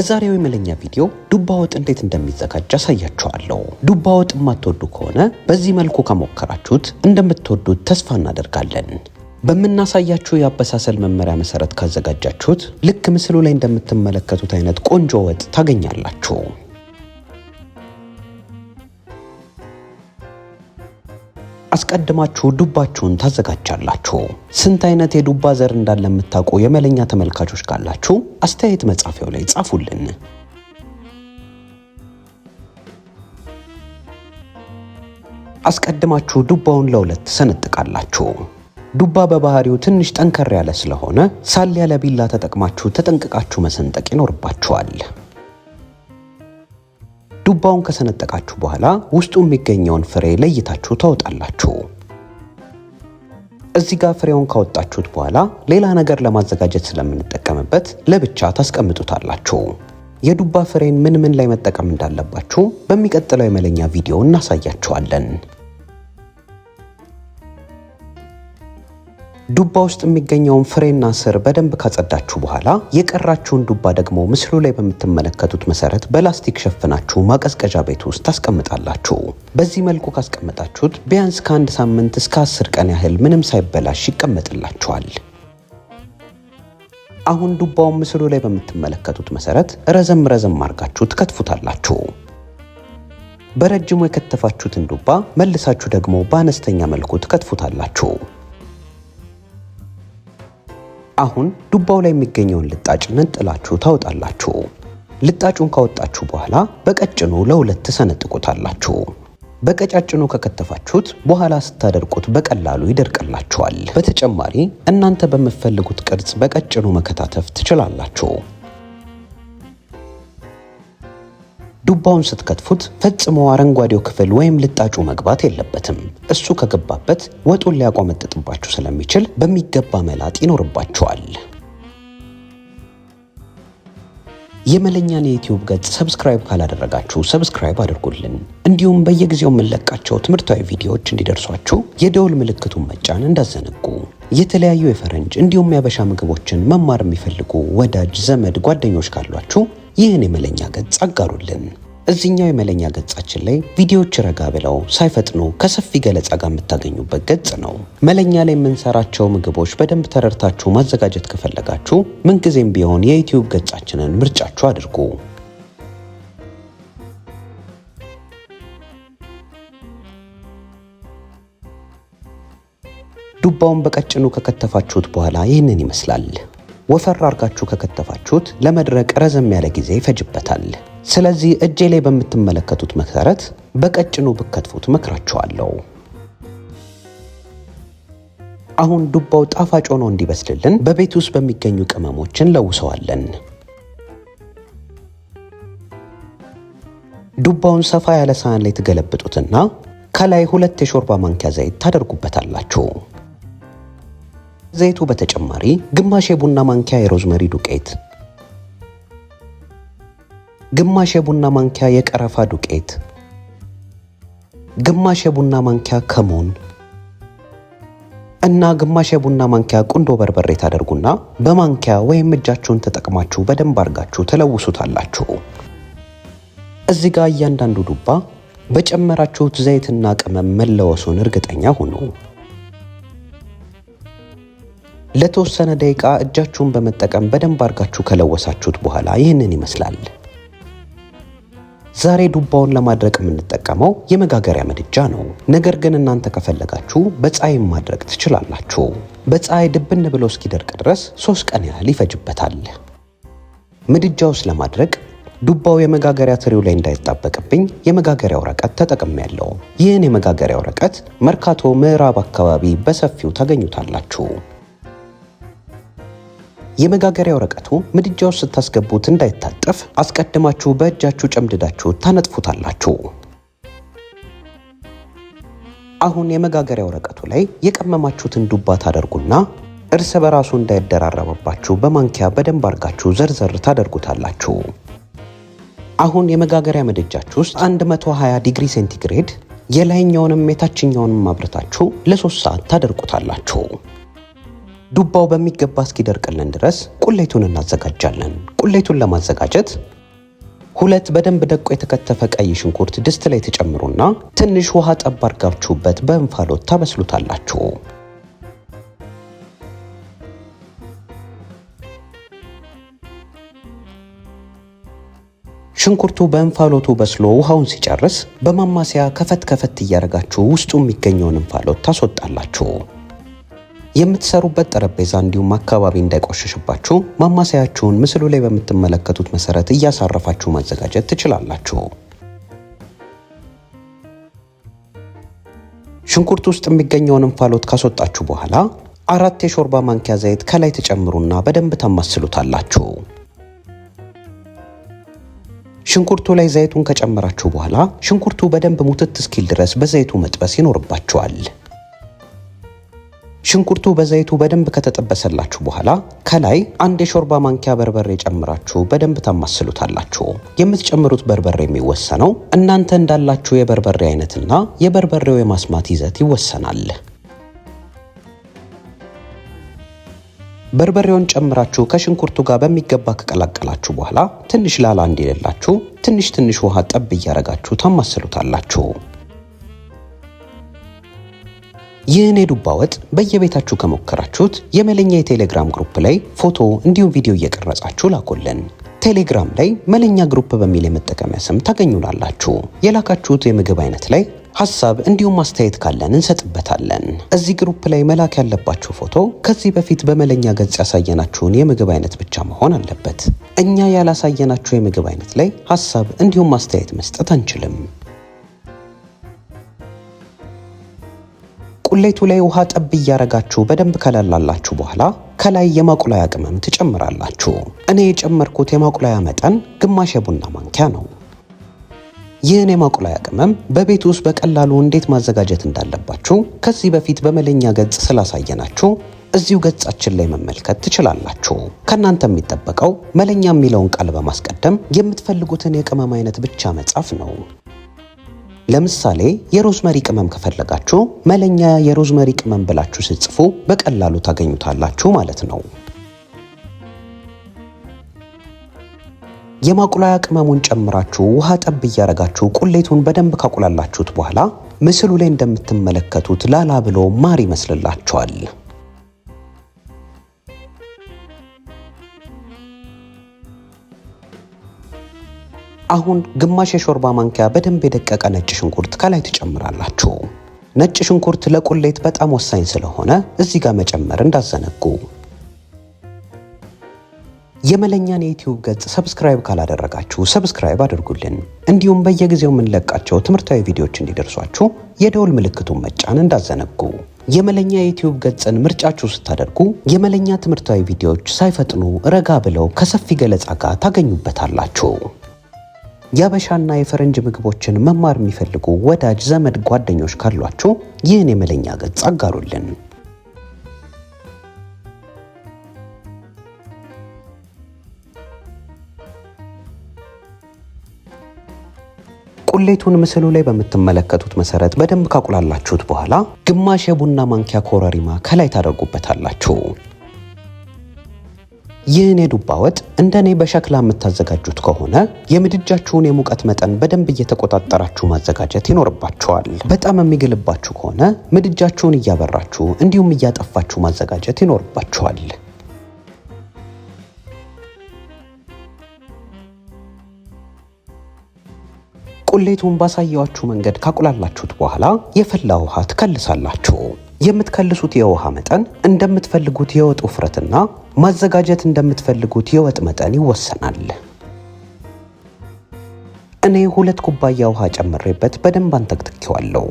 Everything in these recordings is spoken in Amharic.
በዛሬው የመለኛ ቪዲዮ ዱባ ወጥ እንዴት እንደሚዘጋጅ አሳያችኋለሁ። ዱባ ወጥ የማትወዱ ከሆነ በዚህ መልኩ ከሞከራችሁት እንደምትወዱት ተስፋ እናደርጋለን። በምናሳያችሁ የአበሳሰል መመሪያ መሰረት ካዘጋጃችሁት ልክ ምስሉ ላይ እንደምትመለከቱት አይነት ቆንጆ ወጥ ታገኛላችሁ። አስቀድማችሁ ዱባችሁን ታዘጋጃላችሁ። ስንት አይነት የዱባ ዘር እንዳለ የምታውቁ የመለኛ ተመልካቾች ካላችሁ አስተያየት መጻፊያው ላይ ጻፉልን። አስቀድማችሁ ዱባውን ለሁለት ሰነጥቃላችሁ። ዱባ በባህሪው ትንሽ ጠንከር ያለ ስለሆነ ሳል ያለ ቢላ ተጠቅማችሁ ተጠንቅቃችሁ መሰንጠቅ ይኖርባችኋል። ዱባውን ከሰነጠቃችሁ በኋላ ውስጡ የሚገኘውን ፍሬ ለይታችሁ ታወጣላችሁ። እዚህ ጋር ፍሬውን ካወጣችሁት በኋላ ሌላ ነገር ለማዘጋጀት ስለምንጠቀምበት ለብቻ ታስቀምጡታላችሁ። የዱባ ፍሬን ምን ምን ላይ መጠቀም እንዳለባችሁ በሚቀጥለው የመለኛ ቪዲዮ እናሳያችኋለን። ዱባ ውስጥ የሚገኘውን ፍሬና ስር በደንብ ካጸዳችሁ በኋላ የቀራችሁን ዱባ ደግሞ ምስሉ ላይ በምትመለከቱት መሰረት በላስቲክ ሸፍናችሁ ማቀዝቀዣ ቤት ውስጥ ታስቀምጣላችሁ። በዚህ መልኩ ካስቀመጣችሁት ቢያንስ ከአንድ ሳምንት እስከ አስር ቀን ያህል ምንም ሳይበላሽ ይቀመጥላችኋል። አሁን ዱባውን ምስሉ ላይ በምትመለከቱት መሰረት ረዘም ረዘም አድርጋችሁ ትከትፉታላችሁ። በረጅሙ የከተፋችሁትን ዱባ መልሳችሁ ደግሞ በአነስተኛ መልኩ ትከትፉታላችሁ። አሁን ዱባው ላይ የሚገኘውን ልጣጭ ነጥላችሁ ታወጣላችሁ። ልጣጩን ካወጣችሁ በኋላ በቀጭኑ ለሁለት ሰነጥቁታላችሁ። በቀጫጭኑ ከከተፋችሁት በኋላ ስታደርቁት በቀላሉ ይደርቅላችኋል። በተጨማሪ እናንተ በምትፈልጉት ቅርጽ በቀጭኑ መከታተፍ ትችላላችሁ። ዱባውን ስትከትፉት ፈጽሞ አረንጓዴው ክፍል ወይም ልጣጩ መግባት የለበትም። እሱ ከገባበት ወጡን ሊያቆመጥጥባችሁ ስለሚችል በሚገባ መላጥ ይኖርባችኋል። የመለኛን የዩቲዩብ ገጽ ሰብስክራይብ ካላደረጋችሁ ሰብስክራይብ አድርጉልን። እንዲሁም በየጊዜው የምንለቃቸው ትምህርታዊ ቪዲዮዎች እንዲደርሷችሁ የደውል ምልክቱን መጫን እንዳዘነጉ። የተለያዩ የፈረንጅ እንዲሁም የአበሻ ምግቦችን መማር የሚፈልጉ ወዳጅ ዘመድ ጓደኞች ካሏችሁ ይህን የመለኛ ገጽ አጋሩልን። እዚኛው የመለኛ ገጻችን ላይ ቪዲዮዎች ረጋ ብለው ሳይፈጥኑ ከሰፊ ገለጻ ጋር የምታገኙበት ገጽ ነው። መለኛ ላይ የምንሰራቸው ምግቦች በደንብ ተረድታችሁ ማዘጋጀት ከፈለጋችሁ ምንጊዜም ቢሆን የዩትዩብ ገጻችንን ምርጫችሁ አድርጉ። ዱባውን በቀጭኑ ከከተፋችሁት በኋላ ይህንን ይመስላል። ወፈር አርጋችሁ ከከተፋችሁት ለመድረቅ ረዘም ያለ ጊዜ ይፈጅበታል። ስለዚህ እጄ ላይ በምትመለከቱት መሰረት በቀጭኑ ብከትፉት መክራችኋለሁ። አሁን ዱባው ጣፋጭ ሆኖ እንዲበስልልን በቤት ውስጥ በሚገኙ ቅመሞች ለውሰዋለን። ዱባውን ሰፋ ያለ ሳህን ላይ ትገለብጡትና ከላይ ሁለት የሾርባ ማንኪያ ዘይት ታደርጉበታላችሁ። ዘይቱ በተጨማሪ ግማሽ የቡና ማንኪያ የሮዝመሪ ዱቄት፣ ግማሽ የቡና ማንኪያ የቀረፋ ዱቄት፣ ግማሽ የቡና ማንኪያ ከሞን እና ግማሽ የቡና ማንኪያ ቁንዶ በርበሬ ታደርጉና በማንኪያ ወይም እጃችሁን ተጠቅማችሁ በደንብ አድርጋችሁ ትለውሱታላችሁ። እዚህ ጋር እያንዳንዱ ዱባ በጨመራችሁት ዘይትና ቅመም መለወሱን እርግጠኛ ሁኑ። ለተወሰነ ደቂቃ እጃችሁን በመጠቀም በደንብ አርጋችሁ ከለወሳችሁት በኋላ ይህንን ይመስላል። ዛሬ ዱባውን ለማድረቅ የምንጠቀመው የመጋገሪያ ምድጃ ነው። ነገር ግን እናንተ ከፈለጋችሁ በፀሐይም ማድረቅ ትችላላችሁ። በፀሐይ ድብን ብሎ እስኪደርቅ ድረስ ሶስት ቀን ያህል ይፈጅበታል። ምድጃ ውስጥ ለማድረቅ ዱባው የመጋገሪያ ትሪው ላይ እንዳይጣበቅብኝ የመጋገሪያ ወረቀት ተጠቅሜያለሁ። ያለው። ይህን የመጋገሪያ ወረቀት መርካቶ ምዕራብ አካባቢ በሰፊው ታገኙታላችሁ። የመጋገሪያ ወረቀቱ ምድጃው ስታስገቡት እንዳይታጠፍ አስቀድማችሁ በእጃችሁ ጨምድዳችሁ ታነጥፉታላችሁ። አሁን የመጋገሪያ ወረቀቱ ላይ የቀመማችሁትን ዱባ ታደርጉና እርስ በራሱ እንዳይደራረበባችሁ በማንኪያ በደንብ አርጋችሁ ዘርዘር ታደርጉታላችሁ። አሁን የመጋገሪያ ምድጃችሁ ውስጥ 120 ዲግሪ ሴንቲግሬድ የላይኛውንም የታችኛውንም አብርታችሁ ለሶስት ሰዓት ታደርጉታላችሁ። ዱባው በሚገባ እስኪደርቅልን ድረስ ቁሌቱን እናዘጋጃለን። ቁሌቱን ለማዘጋጀት ሁለት በደንብ ደቆ የተከተፈ ቀይ ሽንኩርት ድስት ላይ ተጨምሩና ትንሽ ውሃ ጠብ አድርጋችሁበት በእንፋሎት ታበስሉታላችሁ። ሽንኩርቱ በእንፋሎቱ በስሎ ውሃውን ሲጨርስ በማማሰያ ከፈት ከፈት እያደረጋችሁ ውስጡ የሚገኘውን እንፋሎት ታስወጣላችሁ። የምትሰሩበት ጠረጴዛ እንዲሁም አካባቢ እንዳይቆሸሽባችሁ ማማሰያችሁን ምስሉ ላይ በምትመለከቱት መሰረት እያሳረፋችሁ ማዘጋጀት ትችላላችሁ። ሽንኩርት ውስጥ የሚገኘውን እንፋሎት ካስወጣችሁ በኋላ አራት የሾርባ ማንኪያ ዘይት ከላይ ተጨምሩና በደንብ ታማስሉታላችሁ። ሽንኩርቱ ላይ ዘይቱን ከጨመራችሁ በኋላ ሽንኩርቱ በደንብ ሙትት እስኪል ድረስ በዘይቱ መጥበስ ይኖርባችኋል። ሽንኩርቱ በዘይቱ በደንብ ከተጠበሰላችሁ በኋላ ከላይ አንድ የሾርባ ማንኪያ በርበሬ ጨምራችሁ በደንብ ታማስሉታላችሁ። የምትጨምሩት በርበሬ የሚወሰነው እናንተ እንዳላችሁ የበርበሬ አይነትና የበርበሬው የማስማት ይዘት ይወሰናል። በርበሬውን ጨምራችሁ ከሽንኩርቱ ጋር በሚገባ ከቀላቀላችሁ በኋላ ትንሽ ላላ እንዲልላችሁ ትንሽ ትንሽ ውሃ ጠብ እያረጋችሁ ታማስሉታላችሁ። ይህን የዱባ ወጥ በየቤታችሁ ከሞከራችሁት የመለኛ የቴሌግራም ግሩፕ ላይ ፎቶ እንዲሁም ቪዲዮ እየቀረጻችሁ ላኩልን። ቴሌግራም ላይ መለኛ ግሩፕ በሚል የመጠቀሚያ ስም ታገኙናላችሁ። የላካችሁት የምግብ አይነት ላይ ሀሳብ እንዲሁም ማስተያየት ካለን እንሰጥበታለን። እዚህ ግሩፕ ላይ መላክ ያለባችሁ ፎቶ ከዚህ በፊት በመለኛ ገጽ ያሳየናችሁን የምግብ አይነት ብቻ መሆን አለበት። እኛ ያላሳየናችሁ የምግብ አይነት ላይ ሀሳብ እንዲሁም ማስተያየት መስጠት አንችልም። ቁሌቱ ላይ ውሃ ጠብ እያረጋችሁ በደንብ ከላላላችሁ በኋላ ከላይ የማቁላያ ቅመም ትጨምራላችሁ። እኔ የጨመርኩት የማቁላያ መጠን ግማሽ የቡና ማንኪያ ነው። ይህን የማቁላያ ቅመም በቤት ውስጥ በቀላሉ እንዴት ማዘጋጀት እንዳለባችሁ ከዚህ በፊት በመለኛ ገጽ ስላሳየናችሁ እዚሁ ገጻችን ላይ መመልከት ትችላላችሁ። ከእናንተ የሚጠበቀው መለኛ የሚለውን ቃል በማስቀደም የምትፈልጉትን የቅመም አይነት ብቻ መጻፍ ነው። ለምሳሌ የሮዝመሪ ቅመም ከፈለጋችሁ መለኛ የሮዝመሪ ቅመም ብላችሁ ስትጽፉ በቀላሉ ታገኙታላችሁ ማለት ነው። የማቁላያ ቅመሙን ጨምራችሁ ውሃ ጠብ እያረጋችሁ ቁሌቱን በደንብ ካቁላላችሁት በኋላ ምስሉ ላይ እንደምትመለከቱት ላላ ብሎ ማር ይመስልላችኋል። አሁን ግማሽ የሾርባ ማንኪያ በደንብ የደቀቀ ነጭ ሽንኩርት ከላይ ትጨምራላችሁ። ነጭ ሽንኩርት ለቁሌት በጣም ወሳኝ ስለሆነ እዚህ ጋር መጨመር እንዳዘነጉ። የመለኛን የዩትዩብ ገጽ ሰብስክራይብ ካላደረጋችሁ ሰብስክራይብ አድርጉልን። እንዲሁም በየጊዜው የምንለቃቸው ትምህርታዊ ቪዲዮዎች እንዲደርሷችሁ የደውል ምልክቱን መጫን እንዳዘነጉ። የመለኛ የዩትዩብ ገጽን ምርጫችሁ ስታደርጉ የመለኛ ትምህርታዊ ቪዲዮዎች ሳይፈጥኑ ረጋ ብለው ከሰፊ ገለጻ ጋር ታገኙበታላችሁ። ያበሻና የፈረንጅ ምግቦችን መማር የሚፈልጉ ወዳጅ ዘመድ ጓደኞች ካሏችሁ ይህን የመለኛ ገጽ አጋሩልን። ቁሌቱን ምስሉ ላይ በምትመለከቱት መሰረት በደንብ ካቁላላችሁት በኋላ ግማሽ የቡና ማንኪያ ኮረሪማ ከላይ ታደርጉበታላችሁ። ይህን የዱባ ወጥ እንደኔ በሸክላ የምታዘጋጁት ከሆነ የምድጃችሁን የሙቀት መጠን በደንብ እየተቆጣጠራችሁ ማዘጋጀት ይኖርባችኋል። በጣም የሚግልባችሁ ከሆነ ምድጃችሁን እያበራችሁ እንዲሁም እያጠፋችሁ ማዘጋጀት ይኖርባችኋል። ቁሌቱን ባሳየዋችሁ መንገድ ካቁላላችሁት በኋላ የፈላ ውሃ ትከልሳላችሁ። የምትከልሱት የውሃ መጠን እንደምትፈልጉት የወጥ ውፍረትና ማዘጋጀት እንደምትፈልጉት የወጥ መጠን ይወሰናል። እኔ ሁለት ኩባያ ውሃ ጨምሬበት በደንብ አንተክትኬዋለሁ።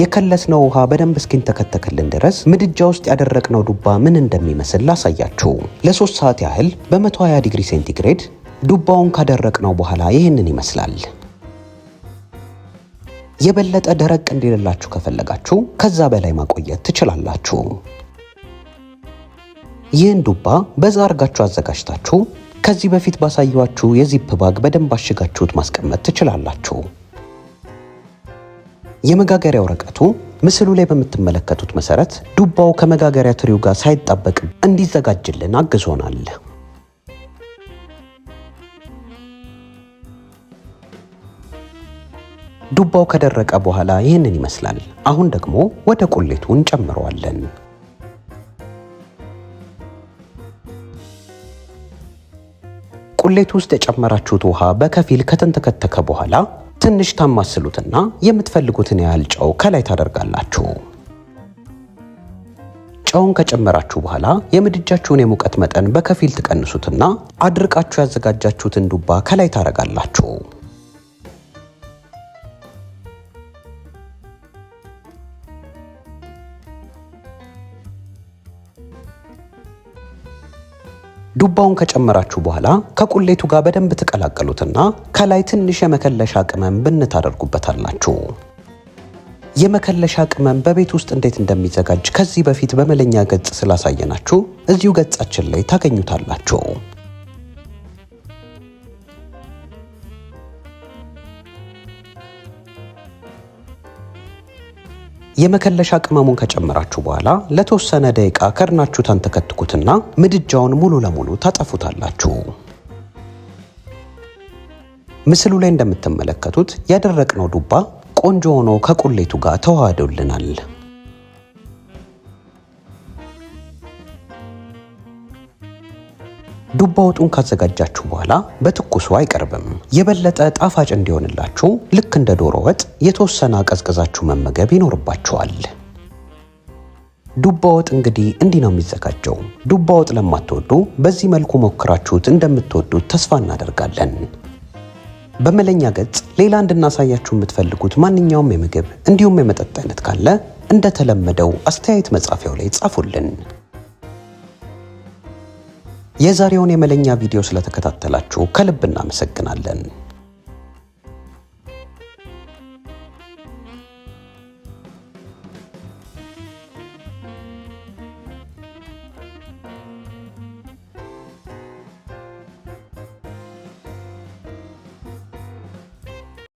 የከለስነው ውሃ በደንብ እስኪንተከተክልን ድረስ ምድጃ ውስጥ ያደረቅነው ዱባ ምን እንደሚመስል ላሳያችሁ። ለሶስት ሰዓት ያህል በ120 ዲግሪ ሴንቲግሬድ ዱባውን ካደረቅነው በኋላ ይህንን ይመስላል። የበለጠ ደረቅ እንዲልላችሁ ከፈለጋችሁ ከዛ በላይ ማቆየት ትችላላችሁ። ይህን ዱባ በዛ አርጋችሁ አዘጋጅታችሁ ከዚህ በፊት ባሳየኋችሁ የዚፕ ባግ በደንብ አሽጋችሁት ማስቀመጥ ትችላላችሁ። የመጋገሪያ ወረቀቱ ምስሉ ላይ በምትመለከቱት መሰረት ዱባው ከመጋገሪያ ትሪው ጋር ሳይጣበቅ እንዲዘጋጅልን አግዞናል። ዱባው ከደረቀ በኋላ ይህንን ይመስላል። አሁን ደግሞ ወደ ቁሌቱ እንጨምረዋለን። ቁሌቱ ውስጥ የጨመራችሁት ውሃ በከፊል ከተንተከተከ በኋላ ትንሽ ታማስሉትና የምትፈልጉትን ያህል ጨው ከላይ ታደርጋላችሁ። ጨውን ከጨመራችሁ በኋላ የምድጃችሁን የሙቀት መጠን በከፊል ትቀንሱትና አድርቃችሁ ያዘጋጃችሁትን ዱባ ከላይ ታደርጋላችሁ። ዱባውን ከጨመራችሁ በኋላ ከቁሌቱ ጋር በደንብ ትቀላቀሉትና ከላይ ትንሽ የመከለሻ ቅመም ብንታደርጉበታላችሁ። የመከለሻ ቅመም በቤት ውስጥ እንዴት እንደሚዘጋጅ ከዚህ በፊት በመለኛ ገጽ ስላሳየናችሁ እዚሁ ገጻችን ላይ ታገኙታላችሁ። የመከለሻ ቅመሙን ከጨመራችሁ በኋላ ለተወሰነ ደቂቃ ከድናችሁታን ተከትኩትና ምድጃውን ሙሉ ለሙሉ ታጠፉታላችሁ። ምስሉ ላይ እንደምትመለከቱት ያደረቅነው ዱባ ቆንጆ ሆኖ ከቁሌቱ ጋር ተዋህዶልናል። ዱባ ወጡን ካዘጋጃችሁ በኋላ በትኩሱ አይቀርብም። የበለጠ ጣፋጭ እንዲሆንላችሁ ልክ እንደ ዶሮ ወጥ የተወሰነ አቀዝቅዛችሁ መመገብ ይኖርባችኋል። ዱባ ወጥ እንግዲህ እንዲህ ነው የሚዘጋጀው። ዱባ ወጥ ለማትወዱ በዚህ መልኩ ሞክራችሁት እንደምትወዱት ተስፋ እናደርጋለን። በመለኛ ገጽ ሌላ እንድናሳያችሁ የምትፈልጉት ማንኛውም የምግብ እንዲሁም የመጠጥ አይነት ካለ እንደተለመደው አስተያየት መጻፊያው ላይ ጻፉልን። የዛሬውን የመለኛ ቪዲዮ ስለተከታተላችሁ ከልብ እናመሰግናለን።